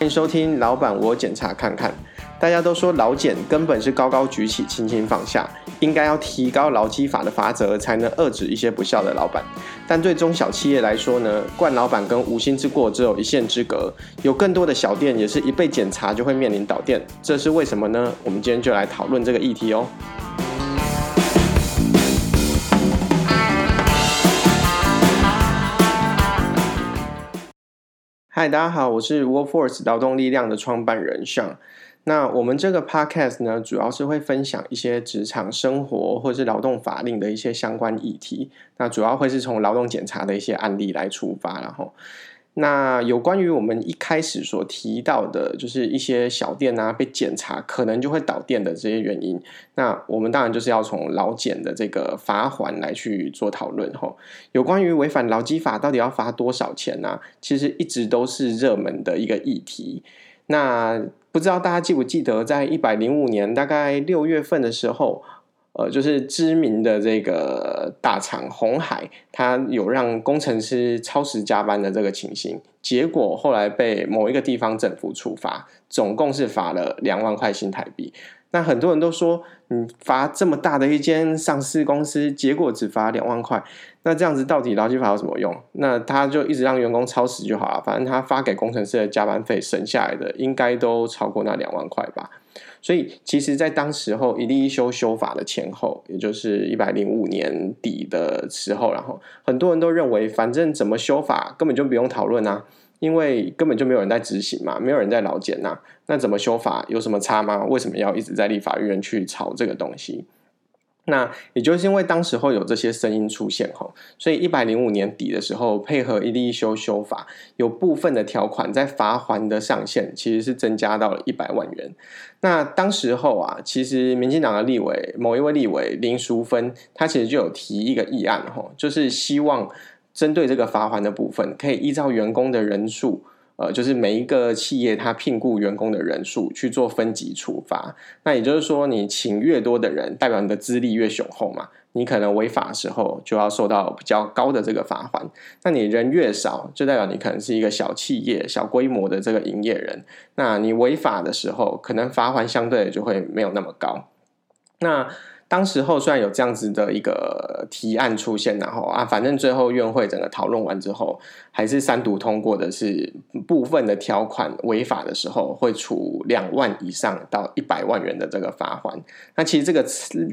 歡迎收聽，老闆，我檢查看看。大家都說勞檢根本是高高舉起，輕輕放下，應該要提高勞基法的罰則，才能遏止一些不肖的老闆。但對中小企業來說呢，慣老闆跟無心之過只有一線之隔，有更多的小店也是一被檢查就會面臨倒店，這是為什麼呢？我們今天就來討論這個議題哦。嗨，大家好，我是 Workforce 勞動力量的創辦人尚。那我們這個 podcast 呢，主要是會分享一些職場生活或是勞動法令的一些相關議題。那主要會是從勞動檢查的一些案例來出發，然後。那有關於我們一開始所提到的，就是一些小店啊被檢查可能就會倒店的這些原因，那我們當然就是要從勞檢的這個罰鍰來去做討論吼。有關於違反勞基法到底要罰多少錢呢、啊？其實一直都是熱門的一個議題。那不知道大家記不記得，在一百零五年大概六月份的時候。呃，就是知名的這個大廠鴻海，他有讓工程師超時加班的這個情形，結果後來被某一個地方政府處罰，總共是罰了兩萬塊新台幣。那很多人都說，你、嗯、罰這麼大的一間上市公司，結果只罰兩萬塊，那這樣子到底勞基法有什麼用？那他就一直讓員工超時就好了，反正他發給工程師的加班費省下來的，應該都超過那兩萬塊吧。所以，其實，在當時候一例一休修法的前後，也就是一百零五年底的時候，然後很多人都認為，反正怎麼修法根本就不用討論啊，因為根本就沒有人在執行嘛，沒有人在勞檢吶、啊，那怎麼修法有什麼差嗎？為什麼要一直在立法院去吵這個東西？那也就是因為當時候有這些聲音出現哈，所以一百零五年底的時候，配合一例一休修法，有部分的條款在罰鍰的上限其實是增加到了一百萬元。那當時候啊，其實民進黨的立委某一位立委林淑芬，她其實就有提一個議案哈，就是希望針對這個罰鍰的部分，可以依照員工的人數。呃，就是每一個企業它聘僱員工的人數去做分級處罰，那也就是說，你請越多的人，代表你的資歷越雄厚嘛，你可能違法的時候就要受到比較高的這個罰鍰。那你人越少，就代表你可能是一個小企業、小規模的這個營業人。那你違法的時候，可能罰鍰相對就會沒有那麼高。那當時候雖然有這樣子的一個提案出現，然後啊，反正最後院會整個討論完之後，還是三讀通過的是部分的條款違法的時候，會處兩萬以上到一百萬元的這個罰鍰。那其實這個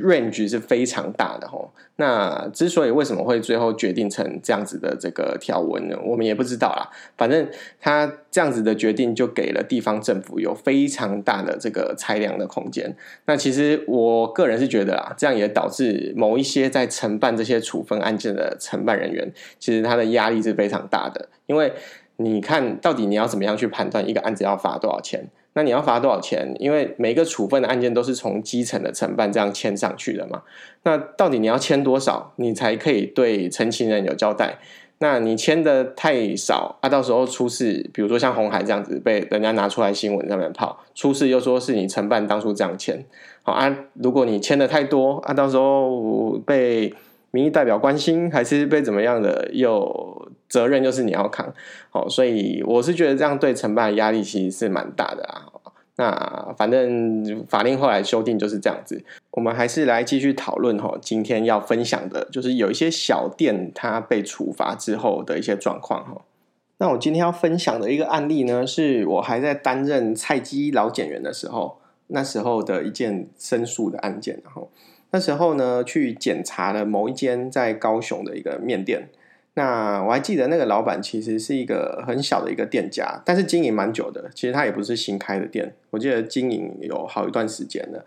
range 是非常大的吼。那之所以為什麼會最後決定成這樣子的這個條文呢？我們也不知道啦。反正他這樣子的決定就給了地方政府有非常大的這個裁量的空間。那其實我個人是覺得啊。這樣也導致某一些在承辦這些處分案件的承辦人員，其實他的壓力是非常大的。因為你看，到底你要怎麼樣去判斷一個案子要罰多少錢？那你要罰多少錢？因為每個處分的案件都是從基層的承辦這樣簽上去的嘛。那到底你要簽多少，你才可以對陳情人有交代？那你簽得太少啊，到時候出事，比如說像鴻海這樣子被人家拿出來新聞上面跑，出事又說是你承辦當初這樣簽。好啊，如果你簽的太多啊，到時候被民意代表關心，還是被怎麼樣的？有責任就是你要扛。好，所以我是覺得這樣對承辦的壓力其實是蠻大的啊。那反正法令後來修訂就是這樣子。我們還是來繼續討論哈，今天要分享的就是有一些小店它被處罰之後的一些狀況哈。那我今天要分享的一個案例呢，是我還在擔任菜雞勞檢員的時候。那時候的一件申訴的案件，然後那時候呢，去檢查了某一間在高雄的一個麵店。那我還記得那個老闆其實是一個很小的一個店家，但是經營蠻久的。其實他也不是新開的店，我記得經營有好一段時間了。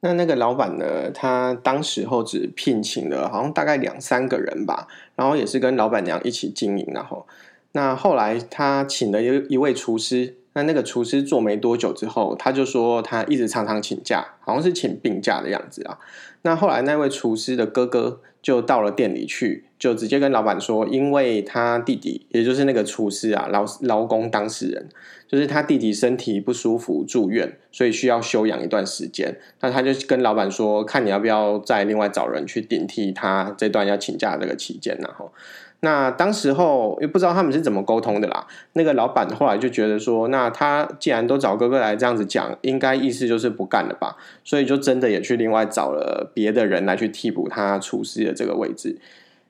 那那個老闆呢，他當時候只聘請了好像大概兩三個人吧，然後也是跟老闆娘一起經營。然後那後來他請了一一位廚師。那那個廚師做沒多久之後，他就說他一直常常請假，好像是請病假的樣子啊。那後來那位廚師的哥哥就到了店裡去，就直接跟老闆說，因為他弟弟也就是那個廚師啊，勞勞工當事人，就是他弟弟身體不舒服住院，所以需要休養一段時間。那他就跟老闆說，看你要不要再另外找人去頂替他這段要請假的這個期間然後。那當時候又不知道他們是怎麼溝通的啦。那個老闆後來就覺得說，那他既然都找哥哥來這樣子講，應該意思就是不幹了吧。所以就真的也去另外找了別的人來去替補他廚師的這個位置。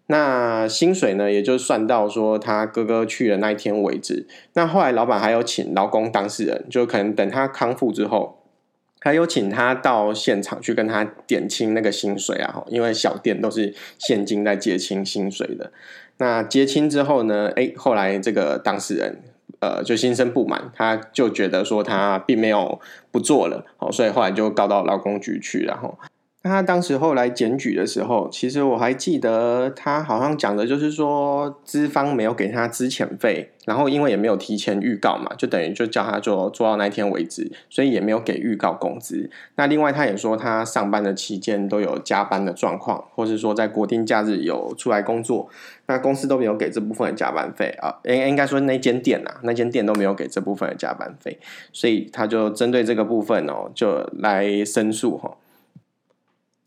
那薪水呢，也就算到說他哥哥去的那一天為止。那後來老闆還有請勞工當事人，就可能等他康復之後。還邀請他到現場去跟他點清那個薪水啊，因為小店都是現金在結清薪水的。那結清之後呢，哎、欸，後來這個當事人呃就心生不滿，他就覺得說他並沒有不做了，好，所以後來就告到勞工局去，然後。他當時後來檢舉的時候，其實我還記得他好像講的就是說，資方沒有給他資遣費，然後因為也沒有提前預告嘛，就等於就叫他做做到那一天為止，所以也沒有給預告工資。那另外他也說，他上班的期間都有加班的狀況，或是說在國定假日有出來工作，那公司都沒有給這部分的加班費、呃、啊。應應該說那間店吶，那間店都沒有給這部分的加班費，所以他就針對這個部分哦、喔，就來申訴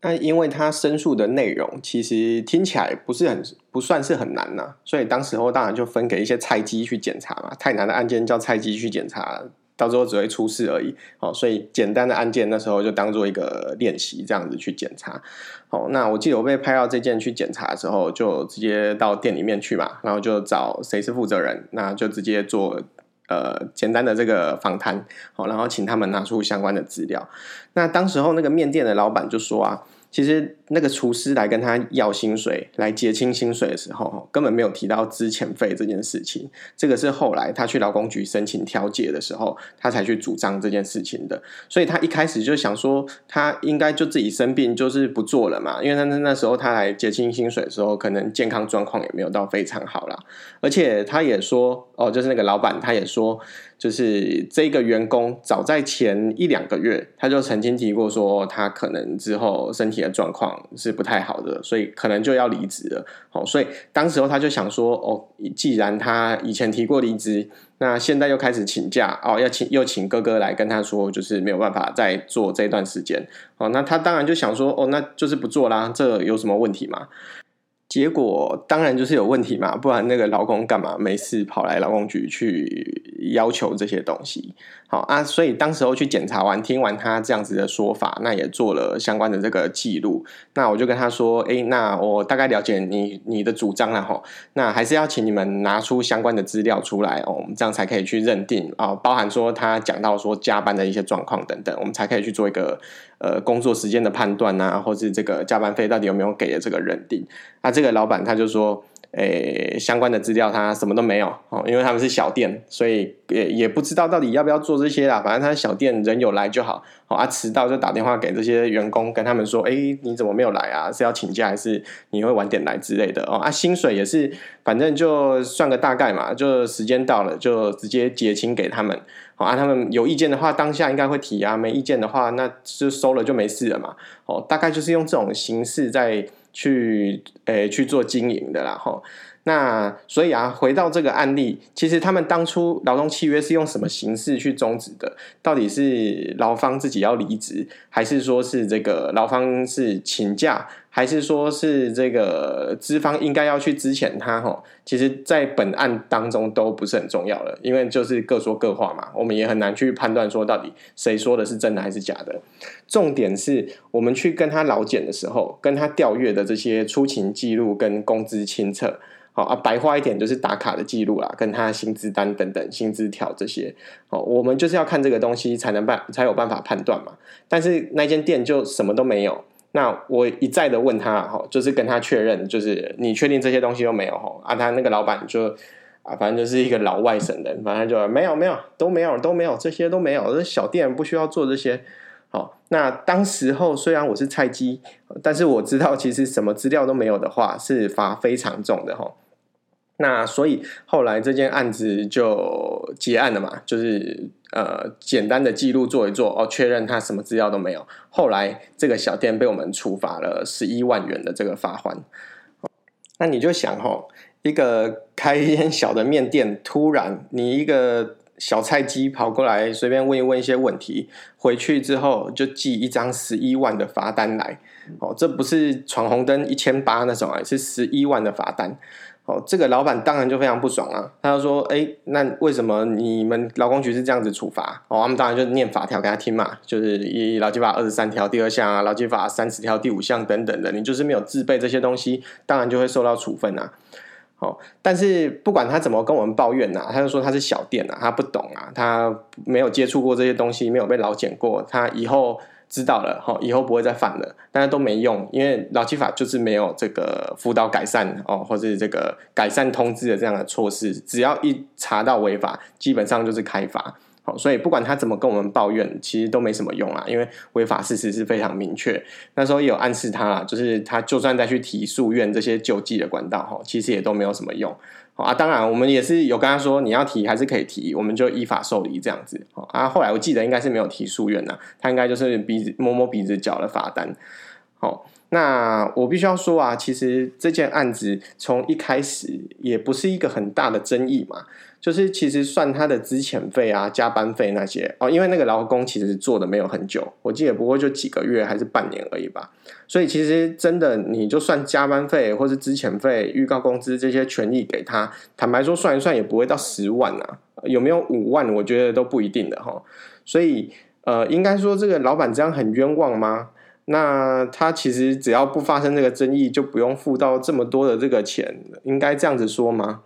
那因為他申訴的內容其實聽起來不是很不，算是很難吶、啊，所以當時候當然就分給一些菜雞去檢查嘛，太難的案件叫菜雞去檢查，到時候只會出事而已。哦，所以簡單的案件那時候就當做一個練習這樣子去檢查。哦，那我記得我被派到這件去檢查的時候，就直接到店裡面去嘛，然後就找誰是負責人，那就直接做。呃，簡單的這個訪談，好，然後請他們拿出相關的資料。那當時候那個麵店的老闆就說啊。其實那個廚師來跟他要薪水，來結清薪水的時候，根本沒有提到資遣費這件事情。這個是後來他去勞工局申請調解的時候，他才去主張這件事情的。所以他一開始就想說，他應該就自己生病，就是不做了嘛。因為他那那時候他來結清薪水的時候，可能健康狀況也沒有到非常好啦。而且他也說，哦，就是那個老板，他也說，就是這個員工早在前一兩個月，他就曾經提過說，他可能之後身體的狀況是不太好的，所以可能就要離職了。好，所以當時候他就想說，哦，既然他以前提過離職，那現在又開始請假，哦，要請又請哥哥來跟他說，就是沒有辦法再做這段時間。哦，那他當然就想說，哦，那就是不做啦，這有什麼問題嗎？結果當然就是有問題嘛，不然那個勞工幹嘛沒事跑來勞工局去要求這些東西？好啊，所以當時候去檢查完，聽完他這樣子的說法，那也做了相關的這個記錄。那我就跟他說，哎，那我大概了解你你的主張了吼。那還是要請你們拿出相關的資料出來哦，我們這樣才可以去認定，哦，包含說他講到說加班的一些狀況等等，我們才可以去做一個呃工作時間的判斷啊，或是這個加班費到底有沒有給的這個認定。那，啊，這個老闆他就說。誒，相關的資料他什麼都沒有哦，因為他們是小店，所以也也不知道到底要不要做這些啦。反正他小店，人有來就好。哦，啊，遲到就打電話給這些員工，跟他們說，哎，你怎麼沒有來啊？是要請假還是你會晚點來之類的哦？啊，薪水也是，反正就算個大概嘛，就時間到了就直接結清給他們。好、哦、啊，他們有意見的話，當下應該會提啊；沒意見的話，那就收了就沒事了嘛。哦，大概就是用這種形式在。去誒、欸，去做經營的，然後。那所以啊，回到這個案例，其實他們當初勞動契約是用什麼形式去終止的？到底是勞方自己要離職，還是說是這個勞方是請假，還是說是這個資方應該要去資遣他？哈，其實，在本案當中都不是很重要了，因為就是各說各話嘛，我們也很難去判斷說到底誰說的是真的還是假的。重點是我們去跟他勞檢的時候，跟他調閱的這些出勤記錄跟工資清冊。啊，白話一點就是打卡的記錄啦，跟他的薪資單等等薪資條這些。我們就是要看這個東西才能辦，才有辦法判斷嘛。但是那間店就什麼都沒有，那我一再的問他哈，就是跟他確認，就是你確定這些東西都沒有啊，他那個老闆就啊，反正就是一個老外省人，反正就沒有沒有，都沒有都沒有，都沒有，這些都沒有，這小店不需要做這些。好，那當時候雖然我是菜雞，但是我知道其實什麼資料都沒有的話是罰非常重的。那所以後來這件案子就結案了嘛，就是呃簡單的記錄做一做哦，確認他什麼資料都沒有。後來這個小店被我們處罰了十一萬元的這個罰款。那你就想哦，一個開一間小的麵店，突然你一個小菜雞跑過來隨便問一問一些問題，回去之後就寄一張十一萬的罰單來。哦，這不是闖紅燈一千八那種啊，是十一萬的罰單。哦，這個老闆當然就非常不爽了、啊，他就說：“哎，那為什麼你們勞工局是這樣子處罰？哦，我們當然就念法條給他聽嘛，就是《一勞基法》二十三條第二項啊，《勞基法》三十條第五項等等的，你就是沒有自備這些東西，當然就會受到處分啊。哦，但是不管他怎麼跟我們抱怨吶、啊，他就說他是小店啊，他不懂啊，他沒有接觸過這些東西，沒有被勞檢過，他以後。”知道了，以後不會再犯了。大家都沒用，因為勞基法就是沒有這個輔導改善哦，或者這個改善通知的這樣的措施。只要一查到違法，基本上就是開罰。好，所以不管他怎麼跟我們抱怨，其實都沒什麼用啊。因為違法事實是非常明確。那時候也有暗示他啦，就是他就算再去提訴願這些救濟的管道，其實也都沒有什麼用。好啊，當然，我們也是有跟他說，你要提還是可以提，我們就依法受理這樣子。好啊，後來我記得應該是沒有提訴願吶，他應該就是鼻子摸摸鼻子繳了罰單。好、哦，那我必須要說啊，其實這件案子從一開始也不是一個很大的爭議嘛。就是其實算他的資遣費啊、加班費那些哦，因為那個勞工其實做的沒有很久，我記得不過就幾個月還是半年而已吧。所以其實真的你就算加班費或是資遣費、預告工資這些權益給他，坦白說算一算也不會到十萬啊，有沒有五萬？我覺得都不一定的哈、哦。所以呃，應該說這個老闆這樣很冤枉嗎？那他其實只要不發生這個爭議，就不用付到這麼多的這個錢，應該這樣子說嗎？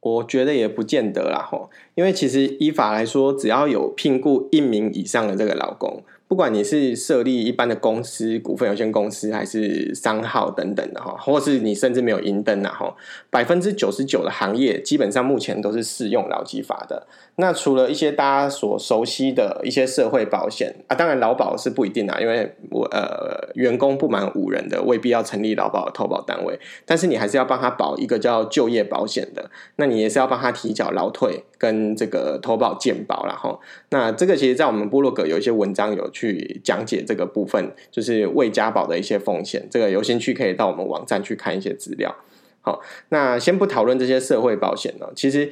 我覺得也不見得啦，吼，因為其實依法來說，只要有聘僱一名以上的這個勞工。不管你是設立一般的公司、股份有限公司，還是商號等等的哈，或是你甚至沒有營登的哈，百分之九十九的行業基本上目前都是適用勞基法的。那除了一些大家所熟悉的一些社會保險啊，當然勞保是不一定啊，因為我呃員工不滿五人的未必要成立勞保的投保單位，但是你還是要幫他保一個叫就業保險的，那你也是要幫他提繳勞退跟這個投保健保啦，然後那這個其實，在我們部落格有一些文章有。去講解這個部分，就是未加保的一些風險。這個有興趣可以到我們網站去看一些資料。好，那先不討論這些社會保險呢，其實。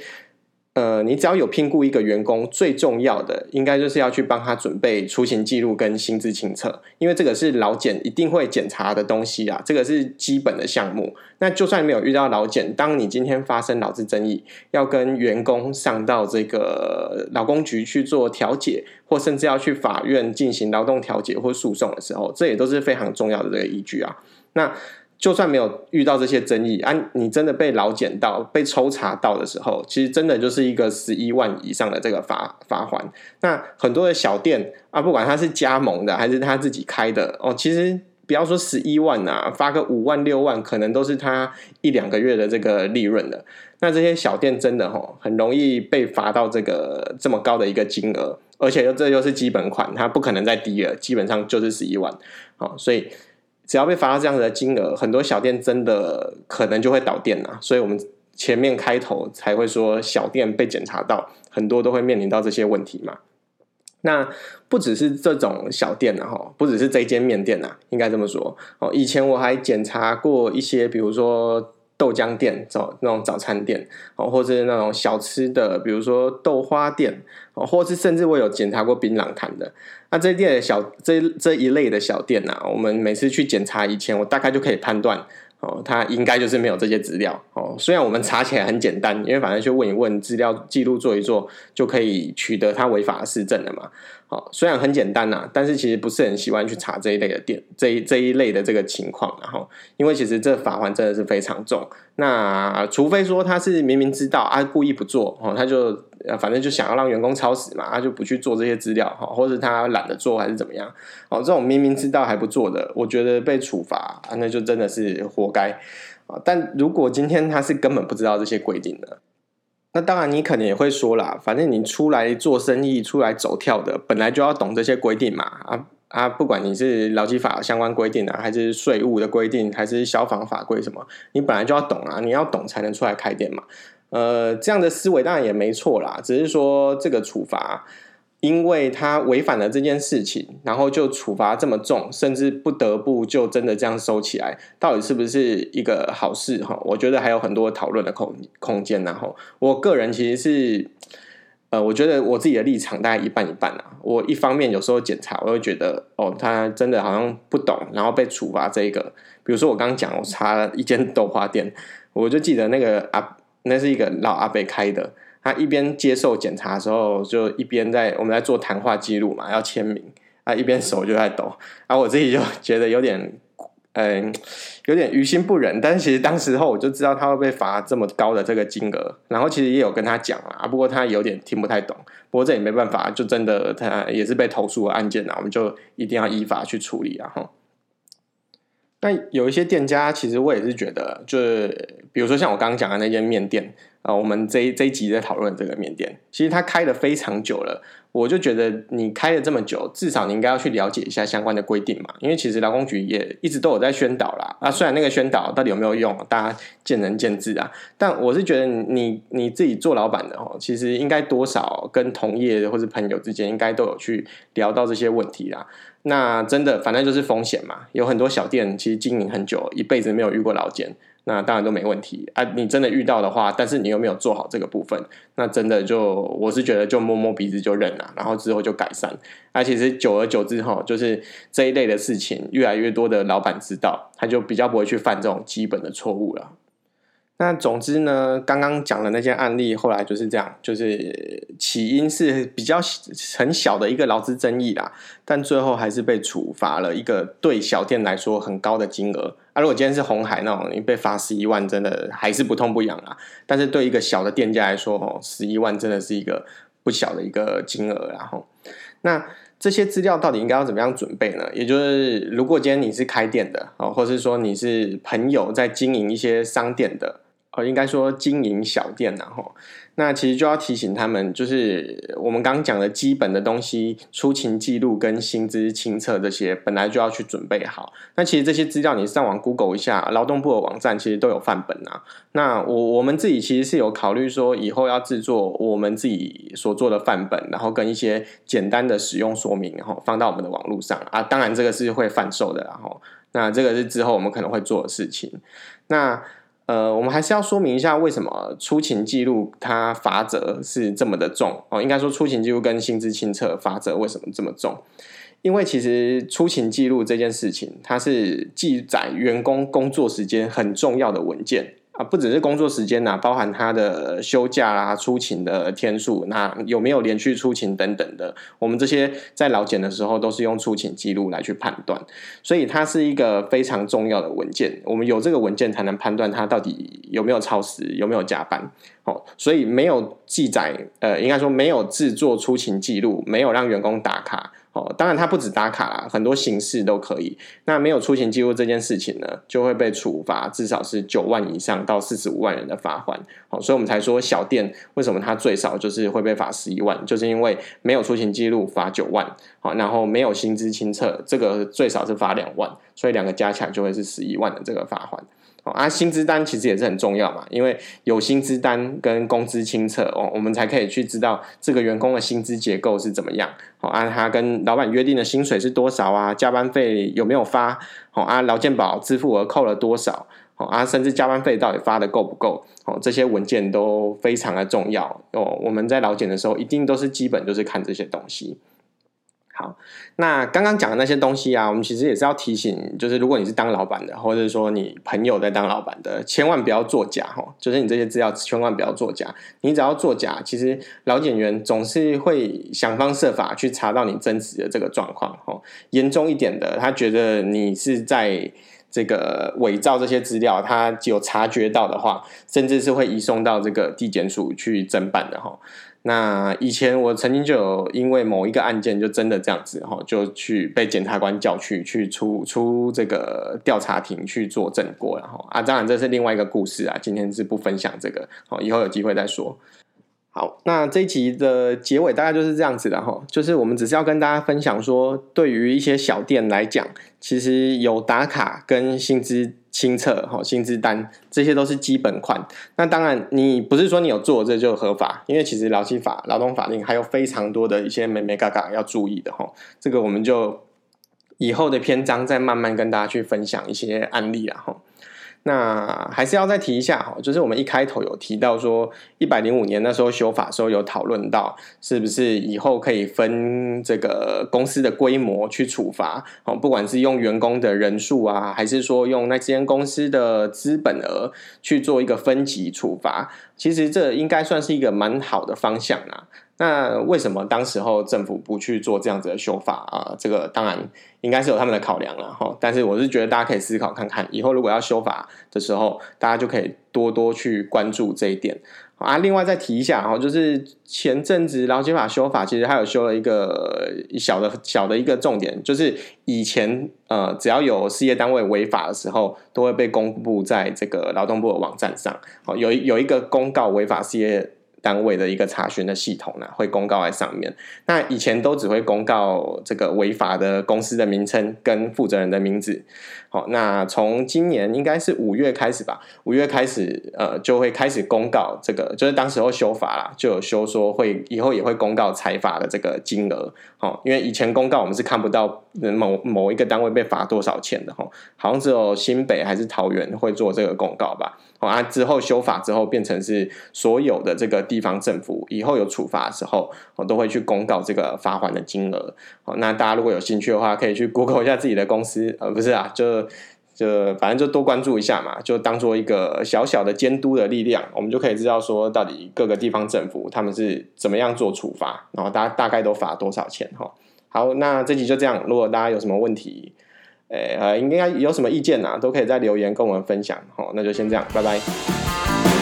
呃，你只要有聘僱一個員工，最重要的應該就是要去幫他準備出勤記錄跟薪資清冊，因為這個是勞檢一定會檢查的東西啊，這個是基本的項目。那就算沒有遇到勞檢，當你今天發生勞資爭議，要跟員工上到這個勞工局去做調解，或甚至要去法院進行勞動調解或訴訟的時候，這也都是非常重要的這個依據啊。那就算沒有遇到這些爭議，啊，你真的被勞檢到，被抽查到的時候，其實真的就是一個十一萬以上的這個罰罰款。那很多的小店啊，不管他是加盟的還是他自己開的，哦，其實不要說十一萬吶、啊，罰個五萬、六萬，可能都是他一兩個月的這個利潤的。那這些小店真的吼，哦、很容易被罰到這個這麼高的一個金額，而且這又是基本款，它不可能再低了，基本上就是十一萬。好，哦，所以。只要被罰到這樣子的金額，很多小店真的可能就會倒店吶、啊。所以我們前面開頭才會說，小店被檢查到，很多都會面臨到這些問題嘛。那不只是這種小店吶、啊，不只是這間麵店啊，應該這麼說。哦，以前我還檢查過一些，比如說。豆漿店、早那種早餐店，哦，或是那種小吃的，比如說豆花店，哦，或是甚至我有檢查過檳榔攤的。那這店的小，這一這一類的小店呢、啊，我們每次去檢查以前，我大概就可以判斷。哦，他應該就是沒有這些資料。哦，雖然我們查起來很簡單，因為反正去問一問資料記錄做一做，就可以取得他違法的事證了嘛。哦，雖然很簡單啦、啊，但是其實不是很喜歡去查這一類的店，這一這一類的這個情況。然、哦、後，因為其實這罰鍰真的是非常重，那除非說他是明明知道啊，故意不做哦，他就。反正就想要讓員工超時嘛，他就不去做這些資料好，或者他懶得做還是怎麼樣？哦，這種明明知道還不做的，我覺得被處罰，那就真的是活該啊！但如果今天他是根本不知道這些規定的，那當然你可能也會說啦，反正你出來做生意，出來走跳的，本來就要懂這些規定嘛啊啊！啊不管你是勞基法相關規定啊，還是稅務的規定，還是消防法規什麼，你本來就要懂啊，你要懂才能出來開店嘛。呃，這樣的思維當然也沒錯啦，只是說這個處罰，因為他違反了這件事情，然後就處罰這麼重，甚至不得不就真的這樣收起來，到底是不是一個好事哈？我覺得還有很多討論的空空間。然後，我個人其實是，呃，我覺得我自己的立場大概一半一半啦，啊。我一方面有時候檢查，我會覺得哦，他真的好像不懂，然後被處罰這一個，比如說我剛剛講我查了一間豆花店，我就記得那個啊。那是一個老阿伯開的，他一邊接受檢查的時候，就一邊在我們在做談話記錄嘛，要簽名啊，他一邊手就在抖，然後啊我自己就覺得有點，嗯、呃，有點於心不忍，但是其實當時候我就知道他會被罰這麼高的這個金額，然後其實也有跟他講了，不過他有點聽不太懂，不過這也沒辦法，就真的他也是被投訴的案件了啊，我們就一定要依法去處理啊，然但有一些店家，其實我也是覺得，就是比如說像我剛剛講的那間麵店啊、呃，我們這這一集在討論這個麵店，其實他開了非常久了，我就覺得你開了這麼久，至少你應該要去了解一下相關的規定嘛，因為其實勞工局也一直都有在宣導啦。啊，雖然那個宣導到底有沒有用，大家見仁見智啊，但我是覺得你你自己做老板的哦，其實應該多少跟同業或者朋友之間應該都有去聊到這些問題啦。那真的，反正就是風險嘛。有很多小店其實經營很久，一輩子沒有遇過勞檢，那當然都沒問題啊。你真的遇到的話，但是你又沒有做好這個部分，那真的就我是覺得就摸摸鼻子就認了，然後之後就改善。而、啊、其實久而久之後、哦，就是這一類的事情越來越多的老闆知道，他就比較不會去犯這種基本的錯誤了。那總之呢，剛剛講的那些案例，後來就是這樣，就是起因是比較很小的一個勞資爭議啦，但最後還是被處罰了一個對小店來說很高的金額。啊，如果今天是鴻海那種，你被罰十一萬，真的還是不痛不癢啦，但是對一個小的店家來說，哦，十一萬真的是一個不小的一個金額。然後，那這些資料到底應該要怎麼樣準備呢？也就是，如果今天你是開店的哦，或是說你是朋友在經營一些商店的，應該說，經營小店然後啊，那其實就要提醒他們，就是我們剛剛講的基本的東西，出勤記錄跟薪資清冊這些，本來就要去準備好。那其實這些資料，你上網 Google 一下，勞動部的網站其實都有範本吶啊。那我我們自己其實是有考慮說，以後要制作我們自己所做的範本，然後跟一些簡單的使用說明，然後放到我們的網絡上啊。當然，這個是會販售的啊，然後那這個是之後我們可能會做的事情。那呃，我們還是要說明一下為什麼出勤記錄它罰則是這麼的重哦。應該說出勤記錄跟薪資清冊罰則為什麼這麼重？因為其實出勤記錄這件事情，它是記載員工工作時間很重要的文件。啊，不只是工作時間吶、啊，包含他的休假啊、出勤的天數，那、啊、有沒有連續出勤等等的，我們這些在勞檢的時候都是用出勤記錄來去判斷，所以它是一個非常重要的文件。我們有這個文件才能判斷他到底有沒有超時，有沒有加班。哦，所以沒有記載，呃，應該說沒有制作出勤記錄，沒有讓員工打卡。哦，當然它不止打卡啦，很多形式都可以。那沒有出勤記錄這件事情呢，就會被處罰，至少是九萬以上到四十五萬元的罰款。好、哦，所以我們才說小店為什麼它最少就是會被罰十一萬，就是因為沒有出勤記錄罰九萬，好、哦，然後沒有薪資清冊，這個最少是罰兩萬，所以兩個加起來就會是十一萬的這個罰款。啊，薪資單其實也是很重要嘛，因為有薪資單跟工資清冊，哦，我們才可以去知道這個員工的薪資結構是怎麼樣。哦、啊，他跟老闆約定的薪水是多少啊？加班費有沒有發？哦、啊，勞健保支付額扣了多少？哦、啊，甚至加班費到底發得夠不夠？哦，這些文件都非常的重要哦。我們在勞檢的時候，一定都是基本就是看這些東西。好，那剛剛講的那些東西啊，我們其實也是要提醒，就是如果你是當老板的，或者說你朋友在當老板的，千萬不要作假哈。就是你這些資料千萬不要作假，你只要作假，其實勞檢員總是會想方設法去查到你真實的這個狀況。哈，嚴重一點的，他覺得你是在。這個偽造這些資料，他有察覺到的話，甚至是會移送到這個地檢署去偵辦的哈。那以前我曾經就有因為某一個案件就真的這樣子哈，就去被檢察官叫去去出出這個調查庭去作證過，然後啊，當然這是另外一個故事啊，今天是不分享這個，以後有機會再說。好，那這一集的結尾大概就是這樣子的哈，就是我們只是要跟大家分享說，對於一些小店來講，其實有打卡跟薪資清冊哈，薪資單這些都是基本款。那當然，你不是說你有做這個，就合法，因為其實勞基法、勞動法令還有非常多的一些眉眉角角要注意的哈。這個我們就以後的篇章再慢慢跟大家去分享一些案例啊哈。那還是要再提一下，就是我們一開頭有提到說，一百零五年那時候修法的時候有討論到，是不是以後可以分這個公司的規模去處罰哦，不管是用員工的人數啊，還是說用那間公司的資本額去做一個分級處罰，其實這應該算是一個蠻好的方向啊。那為什麼當時候政府不去做這樣子的修法啊、呃？這個當然應該是有他們的考量了哈。但是我是覺得大家可以思考看看，以後如果要修法的時候，大家就可以多多去關注這一點啊。另外再提一下，哈，就是前陣子勞基法修法，其實它有修了一個小的小的一個重點，就是以前呃，只要有事業單位違法的時候，都會被公布在這個勞動部的網站上。好，有有一個公告違法事業。單位的一個查詢的系統呢、啊，會公告在上面。那以前都只會公告這個違法的公司的名稱跟負責人的名字。好，那從今年應該是五月開始吧，五月開始呃就會開始公告這個，就是當時候修法啦，就有修說會以後也會公告裁罰的這個金額。因為以前公告我們是看不到某某一個單位被罰多少錢的。好像只有新北還是桃園會做這個公告吧。好，啊！之後修法之後變成是所有的這個地方政府以後有處罰的時候，我都會去公告這個罰鍰的金額。好，那大家如果有興趣的話，可以去 Google 一下自己的公司，呃，不是啊，就就反正就多關注一下嘛，就當做一個小小的監督的力量，我們就可以知道說到底各個地方政府他們是怎麼樣做處罰，然後大家大概都罰多少錢哈。好，那這集就這樣。如果大家有什麼問題，哎、欸，啊、呃，應該有什麼意見啊，都可以在留言跟我們分享。好，那就先這樣，拜拜。